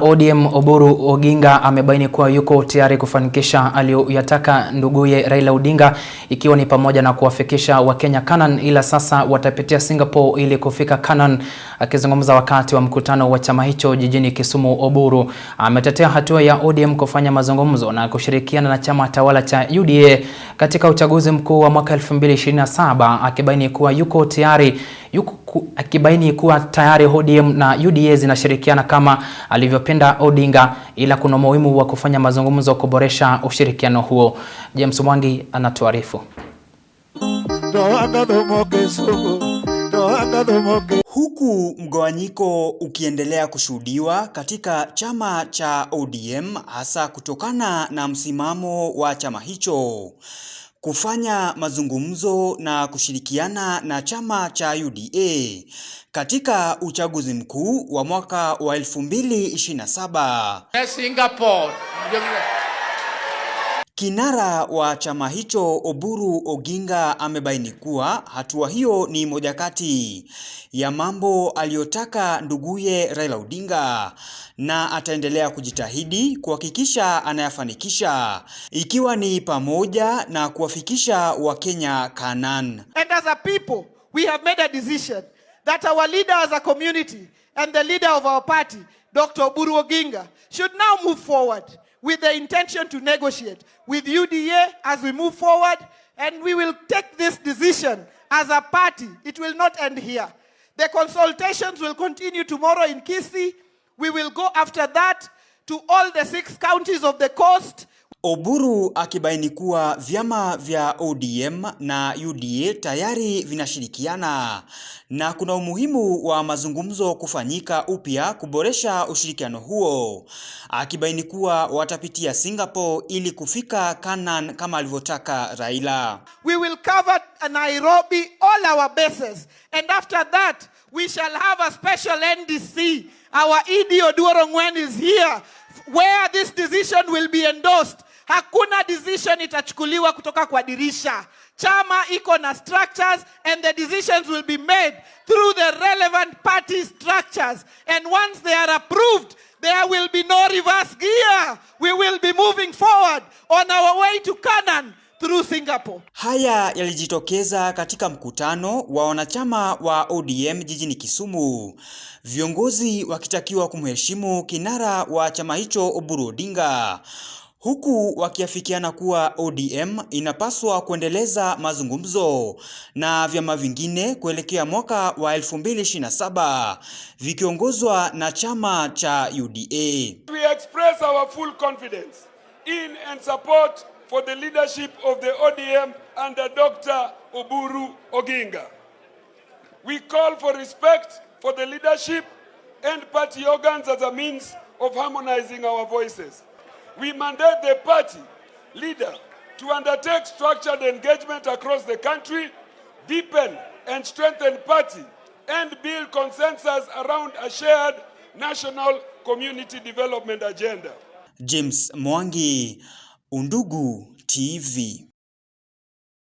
ODM Oburu Oginga amebaini kuwa yuko tayari kufanikisha aliyoyataka nduguye Raila Odinga ikiwa ni pamoja na kuwafikisha Wakenya Canaan ila sasa watapitia Singapore ili kufika Canaan. Akizungumza wakati wa mkutano wa chama hicho jijini Kisumu, Oburu ametetea hatua ya ODM kufanya mazungumzo na kushirikiana na chama tawala cha UDA katika uchaguzi mkuu wa mwaka 2027 akibaini kuwa yuko tayari yuko, akibaini kuwa tayari ODM na UDA zinashirikiana kama alivyopenda Odinga, ila kuna umuhimu wa kufanya mazungumzo kuboresha ushirikiano huo. James Mwangi anatuarifu. Huku mgawanyiko ukiendelea kushuhudiwa katika chama cha ODM hasa kutokana na msimamo wa chama hicho kufanya mazungumzo na kushirikiana na chama cha UDA katika uchaguzi mkuu wa mwaka wa 2027. Singapore. Kinara wa chama hicho Oburu Oginga amebaini kuwa hatua hiyo ni moja kati ya mambo aliyotaka nduguye Raila Odinga na ataendelea kujitahidi kuhakikisha anayafanikisha ikiwa ni pamoja na kuwafikisha Wakenya Kanan. And as a people, we have made a decision that our leader as a community and the leader of our party, Dr. Oburu Oginga, should now move forward. with the intention to negotiate with UDA as we move forward, and we will take this decision as a party. It will not end here. The consultations will continue tomorrow in Kisi. We will go after that to all the six counties of the coast Oburu akibaini kuwa vyama vya ODM na UDA tayari vinashirikiana na kuna umuhimu wa mazungumzo kufanyika upya kuboresha ushirikiano huo, akibaini kuwa watapitia Singapore ili kufika Canaan kama alivyotaka Raila. We will cover Nairobi all our bases and after that we shall have a special NDC. Our ED Oduor Ongwen is here where this decision will be endorsed. Hakuna decision itachukuliwa kutoka kwa dirisha. Chama iko na structures and the decisions will be made through the relevant party structures and once they are approved there will be no reverse gear. We will be moving forward on our way to Canaan. Haya yalijitokeza katika mkutano wa wanachama wa ODM jijini Kisumu, viongozi wakitakiwa kumheshimu kinara wa chama hicho Oburu Odinga, huku wakiafikiana kuwa ODM inapaswa kuendeleza mazungumzo na vyama vingine kuelekea mwaka wa 2027 vikiongozwa na chama cha UDA. We express our full confidence in and support for the leadership of the ODM under Dr. Oburu Oginga. We call for respect for the leadership and party organs as a means of harmonizing our voices we mandate the party leader to undertake structured engagement across the country, deepen and strengthen party, and build consensus around a shared national community development agenda. James Mwangi, Undugu TV.